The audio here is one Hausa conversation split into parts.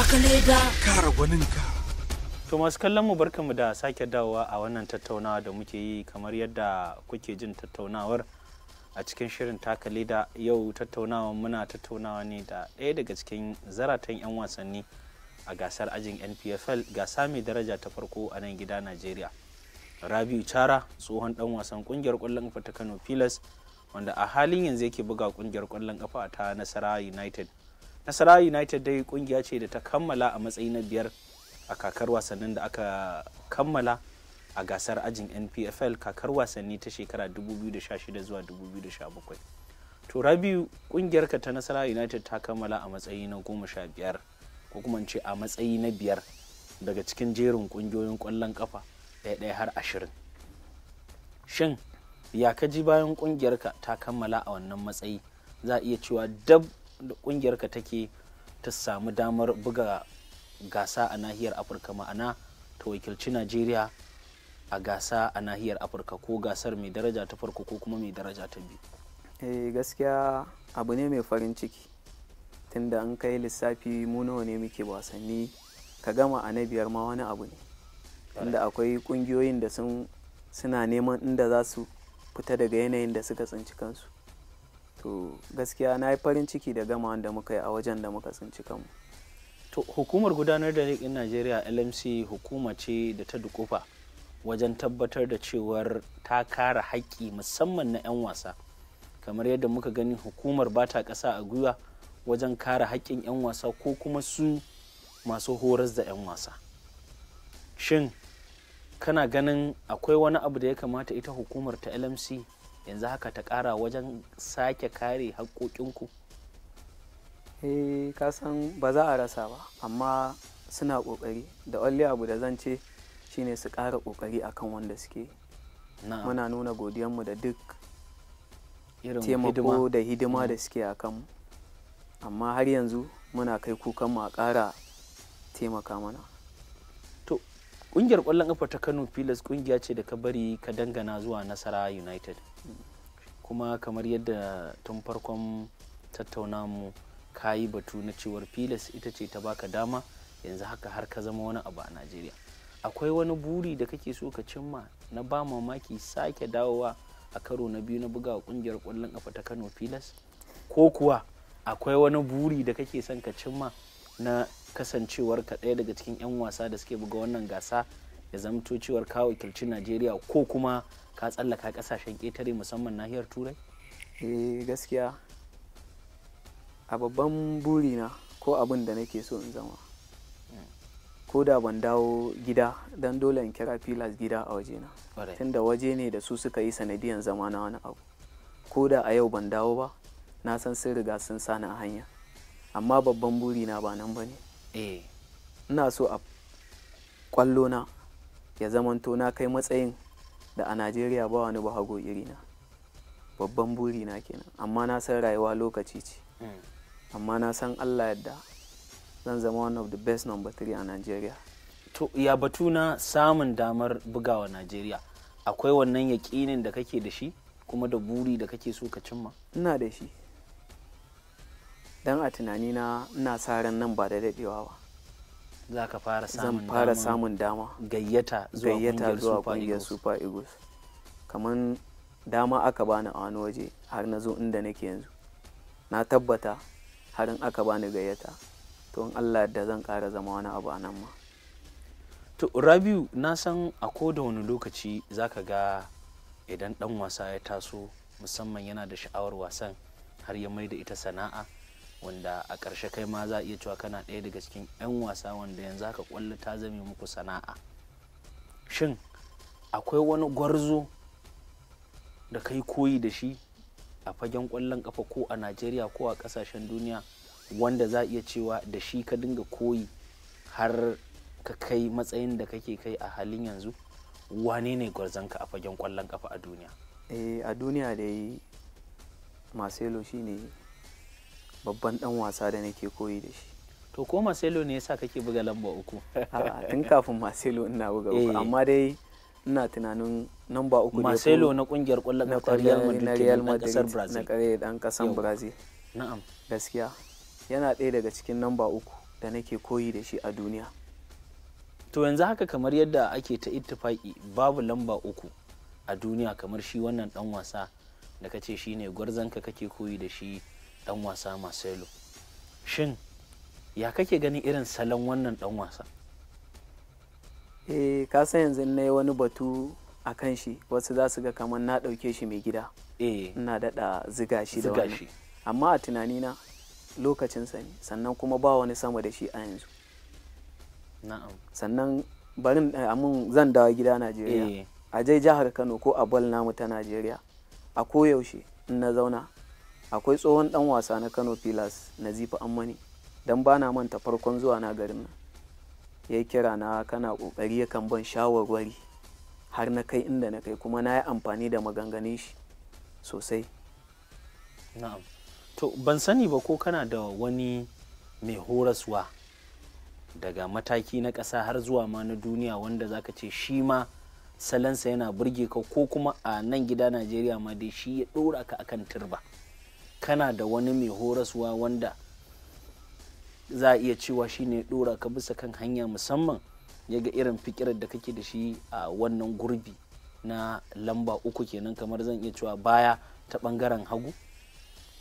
Kalega. Kara gwaninka. To masu kallon mu mu da sake dawowa a wannan tattaunawa da muke yi kamar yadda kuke jin tattaunawar a cikin shirin taka leda yau tattaunawa muna tattaunawa ne da ɗaya daga cikin zaratan 'yan wasanni a gasar ajin npfl gasa mai daraja ta farko a nan gida najeriya rabiu chara tsohon dan wasan kungiyar kwallon kafa ta kano pilas wanda a halin yanzu yake buga kungiyar kwallon kafa ta nasara united nasara united dai kungiya ce da ta kammala a matsayi na biyar a kakar wasannin da aka kammala a gasar ajin npfl kakar wasanni ta shekara 2016 zuwa 2017 to rabiu kungiyarka ta nasara united ta kammala a matsayi na goma sha biyar ko kuma ce a matsayi na biyar daga cikin jerin kungiyoyin kwallon kafa ɗaya har ashirin shin ya ka ji bayan kungiyarka ta kammala a wannan matsayi za a iya cewa dab ƙungiyarka take ta samu damar buga gasa a nahiyar afirka ma'ana ta wakilci najeriya a gasa a nahiyar afirka ko gasar mai daraja ta farko ko kuma mai daraja ta biyu eh gaskiya abu ne mai farin ciki tunda an kai lissafi mu nawa ne muke wasanni ka gama a na biyar ma wani abu ne tunda akwai kungiyoyin da sun suna neman inda za su fita daga yanayin da suka tsinci kansu to gaskiya na yi farin ciki da gama da muka yi a wajen da muka tsinci kanmu to hukumar gudanar da leƙin najeriya lmc hukuma ce da ta dukufa wajen tabbatar da cewar ta kara haƙƙi musamman na 'yan wasa kamar yadda muka gani hukumar ba ta ƙasa a gwiwa wajen kara haƙƙin 'yan wasa ko kuma su masu horas da 'yan wasa shin kana ganin akwai wani abu da ya kamata ita hukumar ta lmc yanzu haka ta kara wajen sake kare haƙoƙinku eh kasan ba za a rasa ba amma suna ƙoƙari da wani abu da zan ce shine su ƙara ƙoƙari akan wanda suke muna nuna godiyanmu da duk taimako da hidima da mm. suke a kanmu amma har yanzu muna kai kukanmu a ƙara taimaka mana kungiyar kwallon kafa ta kano pilas kungiya ce da ka bari ka dangana zuwa nasara united kuma kamar yadda tun farkon tattauna mu ka yi batu na cewar pilas ita ce ta baka dama yanzu haka har ka zama wani abu a najeriya akwai wani buri da kake so ka cimma na ba mamaki sake dawowa a karo na biyu na buga kungiyar kwallon kafa ta kano pilas ko kuwa akwai wani buri da kake son ka cimma na kasancewar ka ɗaya daga cikin 'yan wasa da suke buga wannan gasa ya zamto cewar ka wakilci najeriya ko kuma ka tsallaka kasashen ƙetare musamman nahiyar turai eh gaskiya a babban burina ko abin da nake so in zama ko da ban dawo gida don dole in kira filas gida a wajena tunda waje ne da su suka yi sanadiyan zama na wani abu ko da a yau ban dawo ba na san sun riga sun sani a hanya amma babban buri na ba nan ba ne eh. ina so a kwallo na ya zamanto na kai matsayin da a najeriya ba wani ba iri na babban buri na kenan amma na san rayuwa lokaci ce mm. amma na san allah yadda zan zama one of the best number three a najeriya to ya batu na samun damar bugawa najeriya akwai wannan yaƙinin da kake da shi kuma da buri da kake so ka cimma ina da shi don a tunani na, ina sa ran nan ba da daɗewa ba za ka fara samun zan fara samun dama gayyata zuwa kungiyar super eagles kamar dama aka bani a wani waje har na zo inda nake yanzu na tabbata harin in aka bani gayyata to in allah da zan ƙara zama wani abu a nan ma to rabiu na san a ko da wani lokaci za ka ga idan dan wasa ya taso musamman yana da sha'awar wasan har ya mai da ita sana'a wanda a ƙarshe kai ma za a iya cewa kana ɗaya daga cikin 'yan wasa wanda yanzu haka ƙwallo ta zame muku sana'a shin akwai wani gwarzo da kai koyi da shi a fagen ƙwallon ƙafa ko a najeriya ko a ƙasashen duniya wanda za a iya cewa da shi ka dinga koyi har ka kai matsayin da kake kai a halin yanzu wane ne ka a fagen ƙwallon ƙafa a duniya eh a duniya da yi marcelo shine babban dan wasa da nake koyi da shi to ko marcelo ne yasa kake buga lamba uku A'a tun kafin marcelo ina buga uku eh. amma dai ina tunanin namba uku marcelo na kungiyar kwallon kafa real madrid na kare dan kasan brazil na'am gaskiya yana ɗaya daga cikin namba uku da nake koyi da shi a duniya to yanzu haka kamar yadda ake ta ittifaki babu lamba uku a duniya kamar shi wannan dan wasa da kace shine gwarzanka kake koyi da shi dan wasa Marcelo shin ya kake ganin irin salon wannan dan wasa eh ka san yanzu na yi wani batu a kan shi wasu za su ga kamar na ɗauke shi mai gida eh. ina daɗa ziga shi da wani amma a tunanina lokacinsa ne sannan kuma ba wani sama da shi a yanzu sannan barin eh, amin zan dawo gida najeriya eh. a jai jihar kano ko a bol namu ta najeriya a koyaushe in na zauna akwai tsohon dan wasa na kano pilas nazifa ammani don bana manta farkon zuwa na garin nan ya kira na kana kokari kan ban shawarwari har na kai inda na kai kuma na yi amfani da maganganun shi sosai na'am to ban sani ba ko kana da wani mai horaswa daga mataki na ƙasa har zuwa ma na duniya wanda zaka ce shi ma salansa yana burge ka ko kuma a nan gida najeriya ma dai shi ya ɗora ka akan turba kana da wani mai horaswa wanda za a iya cewa shi ne dora ka bisa kan hanya musamman ya ga irin fikirar da kake da shi a wannan gurbi na lamba uku kenan kamar zan iya cewa baya ta bangaren hagu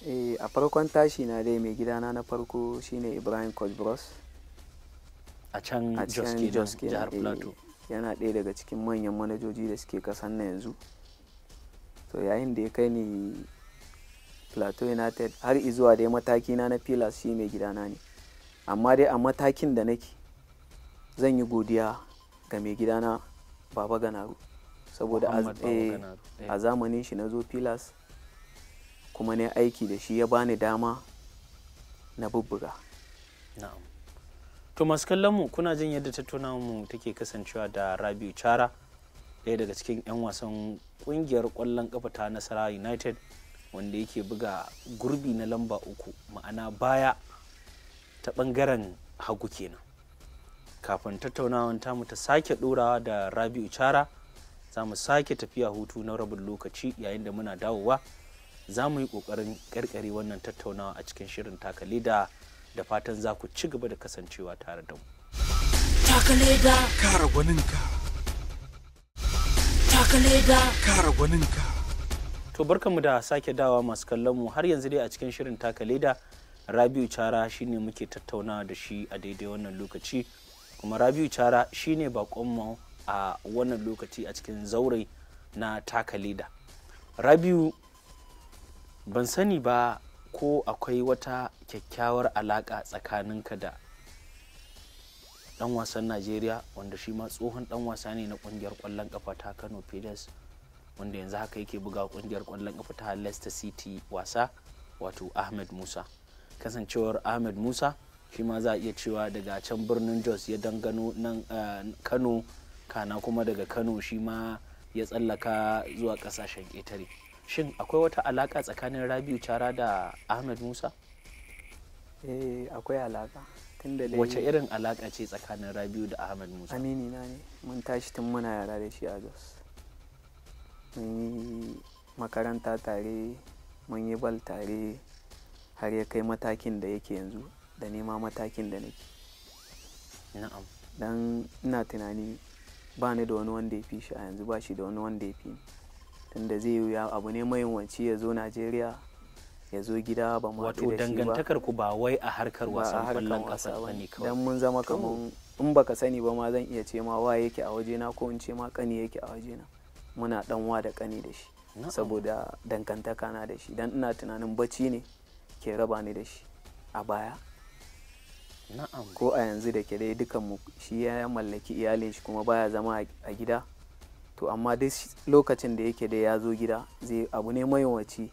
eh, a farkon tashi na dai mai gidana na farko shine ibrahim kojbros a can jos jihar eh, plateau yana ɗaya daga cikin manyan manajoji da suke kasan na yanzu to yayin da ya kai ni plateau united har izuwa dai mataki na na pilas shi mai gidana ne amma dai a matakin da nake zan yi godiya ga mai gidana baba ganaru saboda a eh, eh. zamanin shi na zo pilas kuma ne aiki da shi ya bani dama na bubbuga to masu kallon mu kuna jin yadda tattauna mu take kasancewa da rabiu chara daya daga cikin 'yan wasan kungiyar kwallon ƙafa ta nasara united wanda yake buga gurbi na lamba uku ma'ana baya ta bangaren hagu kenan kafin tattaunawan tamu ta sake ɗorawa da rabi'u cara za mu sake tafiya hutu na rabin lokaci yayin da muna dawowa za mu yi ƙoƙarin karkare wannan tattaunawa a cikin shirin takalida da fatan za ku ci gaba da kasancewa tare da mu takalida kara gwaninka takalida kara gwaninka To barkanmu da sake dawa masu kallon mu har yanzu dai a cikin shirin taka leda Rabiu cara shine muke tattaunawa da shi a daidai wannan lokaci kuma Rabiu cara shine mu a wannan lokaci a cikin zaure na taka leda. Rabiu ban sani ba ko akwai wata kyakkyawar alaƙa tsakaninka da dan wasan Najeriya wanda shi ma tsohon dan wasa ne na kungiyar kwallon kafa ta Kano Pilas wanda yanzu haka yake buga kungiyar kwallon kafa ta Leicester City wasa wato Ahmed Musa kasancewar Ahmed Musa shi ma za a iya cewa daga can birnin Jos ya dangano nan eh, Kano kana kuma daga Kano shi ma ya tsallaka zuwa kasashen ƙetare shin akwai wata alaka tsakanin Rabiu Chara da Ahmed Musa eh akwai alaka tunda da wace irin alaka ce tsakanin Rabiu da Ahmed Musa amini na ne mun tashi tun muna yara da shi a Jos mun yi makaranta tare mun yi bal tare har ya kai matakin da yake yanzu da nema matakin da nake na'am dan ina tunani ba ni da wani wanda ya fi shi a yanzu ba shi da wani wanda ya fi ni tunda zai yi abu ne mai wanci ya zo najeriya ya zo gida ba mu wato dangantakar ku ba wai a harkar wasan kwallon kasa ba ne kawai dan mun zama kaman in baka sani ba ma zan iya ce ma wa yake a wajena ko in ce ma kani yake a wajena muna ɗanwa da ƙani da shi saboda dangantaka na da shi dan ina tunanin bacci ne ke raba ni da shi a baya ko a yanzu da ke dai mu shi ya mallaki iyalin shi kuma baya zama a gida to amma duk lokacin da yake da ya zo gida zai abu ne mayawaci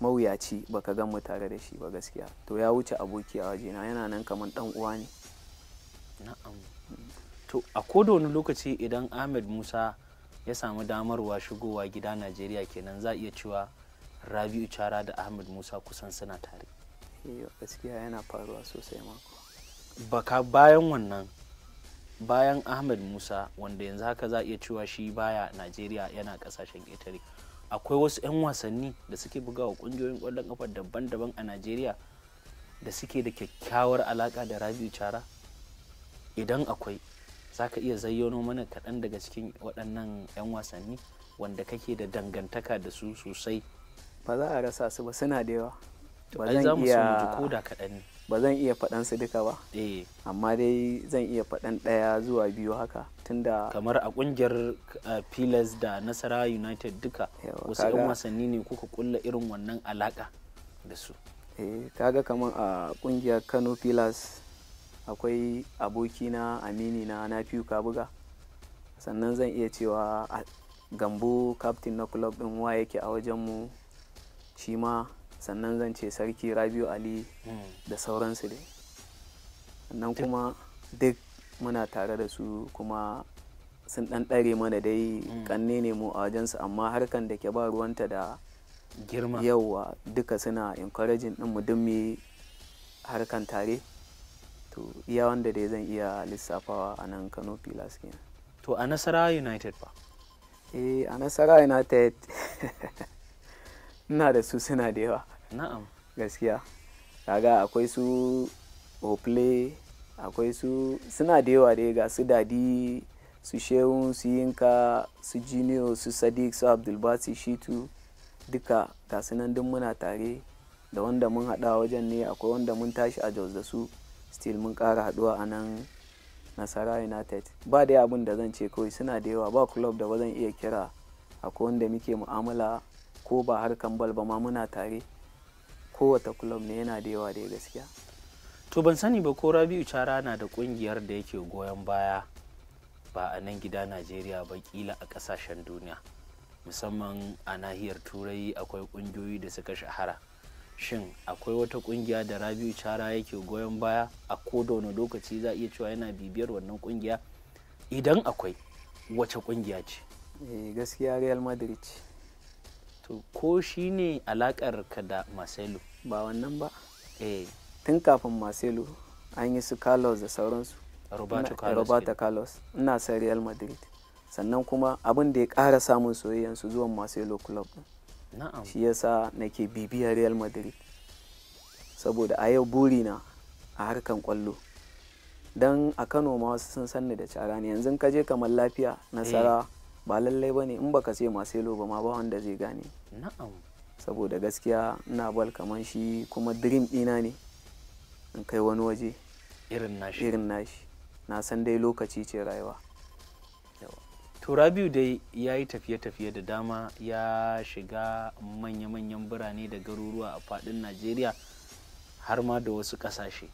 mawuyaci baka gan mu tare da shi ba gaskiya to ya wuce aboki a wajena yana nan kamar dan uwa ne na'am mm. to a koda wani lokaci idan ahmed musa ya samu damarwa shigowa gida najeriya kenan za a iya cewa rabi'u cara da ahmed musa kusan suna tare gaskiya yana faruwa sosai mako baka bayan wannan bayan ahmed musa wanda yanzu haka za a iya cewa shi baya najeriya yana kasashen ƙetare akwai wasu 'yan wasanni da suke bugawa kungiyoyin ƙwallon kafa daban-daban a najeriya da suke da kyakkyawar alaka da rabi'u cara idan akwai za ka iya zayyano mana kaɗan daga cikin waɗannan 'yan wasanni wanda kake da dangantaka da su sosai ba za a rasa su ba suna da yawa ba zan iya faɗan su duka ba eh. amma dai zan iya faɗan ɗaya zuwa biyu haka tunda kamar a ƙungiyar pillars da nasara united duka wasu 'yan wasanni ne kuka kulla irin wannan alaƙa da su eh, kaga kamar a ƙungiyar kano pillars akwai abokina amini na na ka buga sannan zan iya cewa gambo captain na club din wa yake a wajenmu shi ma sannan zan ce sarki rabiu ali hmm. da sauransu dai sannan kuma duk muna tare da su kuma sun dan ɗare mana dai kanne hmm. ne mu a wajensu amma harkan da ke ba ruwanta da girma yauwa duka suna encouraging din mu dun harkan tare to iya wanda dai zan iya lissafawa a nan kano pilas kenan to a nasara united ba eh a nasara united ina da su suna da yawa na'am gaskiya kaga akwai su ople akwai su suna da yawa dai ga su dadi su shehun su yinka su jiniyo su sadiq su abdulbasi shitu duka ga su duk muna tare da wanda mun hada wajen ne akwai wanda mun tashi a jos da su still mun kara haduwa a nan nasara united ba dai abin da zan ce kawai suna da yawa ba club da ba zan iya kira ko wanda muke mu'amala ko ba harkan bal ba ma muna tare kowata club ne yana da yawa da gaskiya to ban sani ba ko rabiu cara na da kungiyar da yake goyon baya ba a nan gida najeriya ba kila a kasashen duniya musamman a nahiyar turai akwai kungiyoyi da suka shahara shin akwai wata kungiya da rabiu cara yake goyon baya a wani lokaci za iya cewa yana bibiyar wannan kungiya idan akwai wace kungiya ce eh, gaskiya real madrid to ko shi ne alakar ka da marcelo ba wannan ba eh. tun kafin marcelo an yi su carlos da sauransu roberto eh, carlos ina sa real madrid sannan kuma abin da ya ƙara samun soyayyansu zuwan marcelo club din shi yasa nake bibiyar real madrid saboda a yau burina a harkan kwallo don a kano ma wasu sun sanni da cara ne yanzu ka je kamar lafiya nasara eh. ba lallai ba ne in baka ce marcelo ba ma ba wanda zai gane saboda gaskiya na bal kamar shi kuma dream ɗina ne in kai wani waje irin nashi na san dai lokaci ce rayuwa to rabiu dai ya yi tafiye-tafiye da dama ya shiga manya-manyan birane da garuruwa a fadin najeriya har ma da wasu kasashe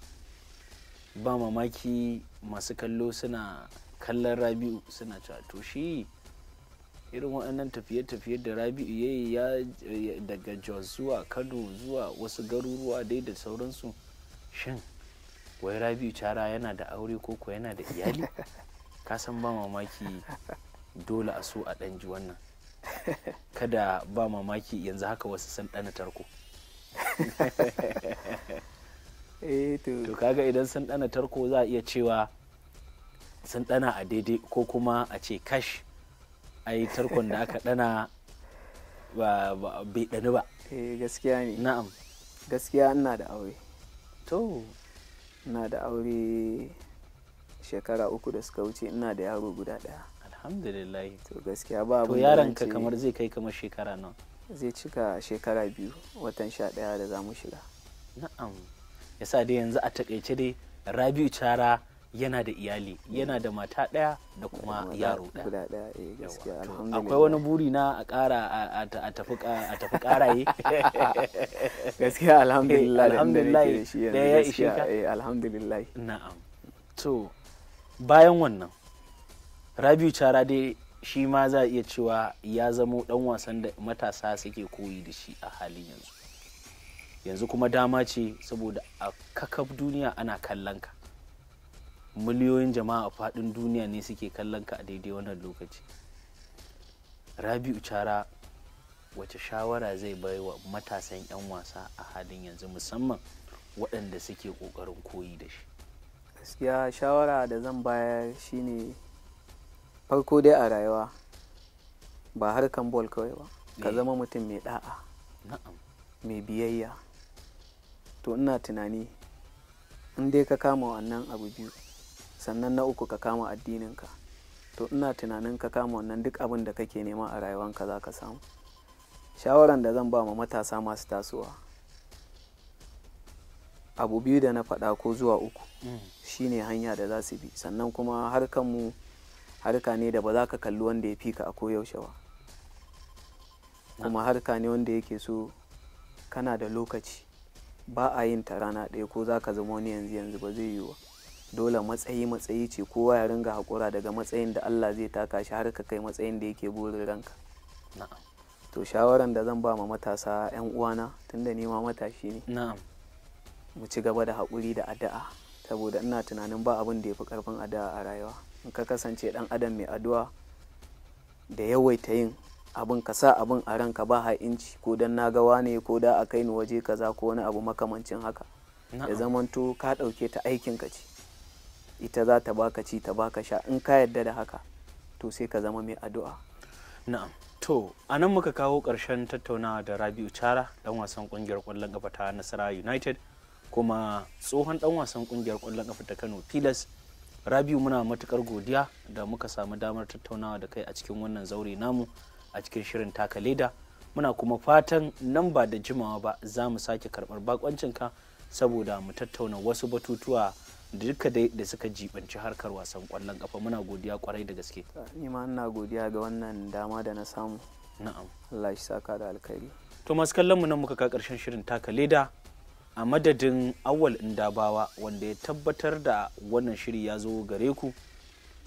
ba mamaki masu kallo suna kallon rabiu suna cewa to shi irin waɗannan tafiye-tafiye da rabi'u ya yi daga jos zuwa kano zuwa wasu garuruwa dai da sauransu shin wai rabi'u cara yana da aure koko yana da iyali kasan ba mamaki dole a so a ɗan ji wannan kada ba mamaki yanzu haka wasu sun ɗana tarko eh, to kaga idan sun ɗana tarko za a iya cewa sun ɗana a daidai ko kuma a ce kash ai tarkon da aka ɗana ba bai ɗani ba eh gaskiya ne na'am gaskiya ina da aure to ina da aure shekara uku da suka wuce ina da yaro guda ɗaya alhamdulillah to gaskiya ba to yaron ka kamar zai kai kamar shekara nawa zai cika shekara biyu watan sha daya da zamu shiga na'am yasa dai yanzu a takaice dai rabiu cara yana da iyali yana da mata daya da kuma yaro ɗaya eh, akwai wani buri na a kara a tafi karaye gaskiya alhamdulillah alhamdulillah da ya ishe ka eh, alhamdulillah na'am to bayan wannan rabiu cara dai shi ma za a iya cewa ya zamo dan wasan da matasa suke koyi da shi a halin yanzu yanzu kuma dama ce saboda a kakaf duniya ana kallon ka miliyoyin jama'a a faɗin duniya ne suke kallon ka a daidai wannan lokaci rabiu cara wace shawara zai bai wa matasan 'yan wasa a halin yanzu musamman waɗanda suke ƙoƙarin koyi da shi gaskiya shawara da zan bayar shine farko dai a rayuwa ba harkan bol kawai ba ka eh. zama mutum mai da'a mai biyayya to ina tunani in dai ka kama wannan abu biyu sannan na uku ka kama addininka to ina tunanin ka kama wannan duk abin da kake nema a rayuwanka za ka samu shawaran da zan ba ma matasa masu tasowa abu biyu da na faɗa ko zuwa uku mm. shine hanya da za su bi sannan kuma harkar mu harka ne da ba za ka kalli wanda ya fi ka a koyaushe ba kuma harka ne wanda yake so kana da lokaci ba a yin ta rana ɗaya ko za ka zama wani yanzu yanzu ba zai yiwu dole matsayi matsayi ce kowa ya ringa haƙura daga matsayin da Allah zai taka shi har ka kai matsayin da yake burin ranka to shawaran da zan ba ma matasa 'yan uwana tunda ni ma matashi ne mu ci gaba da haƙuri da addu'a saboda ina tunanin ba abin da ya fi ƙarfin addu'a a rayuwa ka kasance dan adam mai addu'a da yawaita yin abin ka sa abin a ranka ba ha inci ko dan na gawa ne ko da a kai ni waje kaza ko wani abu makamancin haka ya zamanto ka dauke ta aikin ka ce ita za ta baka ci ta baka sha in ka yadda da haka to sai ka zama mai addu'a na'am to a nan muka kawo ƙarshen tattaunawa da rabi'u chara dan wasan kungiyar kwallon kafa ta nasara united kuma tsohon dan wasan kungiyar kwallon kafa ta kano pilas rabiu muna matukar godiya da muka samu damar tattaunawa da kai a cikin wannan zaure namu a cikin shirin taka leda muna kuma fatan nan ba da jimawa ba za mu sake karɓar bakoncinka saboda mu tattauna wasu batutuwa da duka dai da suka jibanci harkar wasan kwallon kafa muna godiya kwarai da gaske ni ma ina godiya ga wannan dama da na samu na'am Allah shi saka da alkhairi to masu kallon mu nan muka ka karshen shirin taka leda a madadin awal indabawa wanda ya tabbatar da wannan shiri ya zo gare ku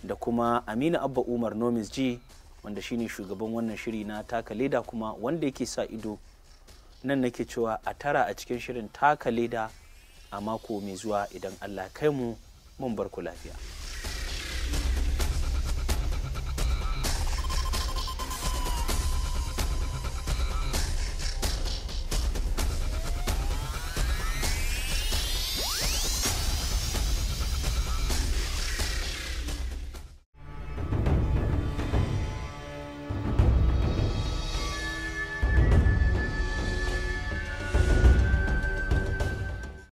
da kuma aminu abba umar nomis ji wanda shine shugaban wannan shiri na taka leda kuma wanda yake sa ido nan nake cewa a tara a cikin shirin taka leda a mako mai zuwa idan allah kai mu mun bar ku lafiya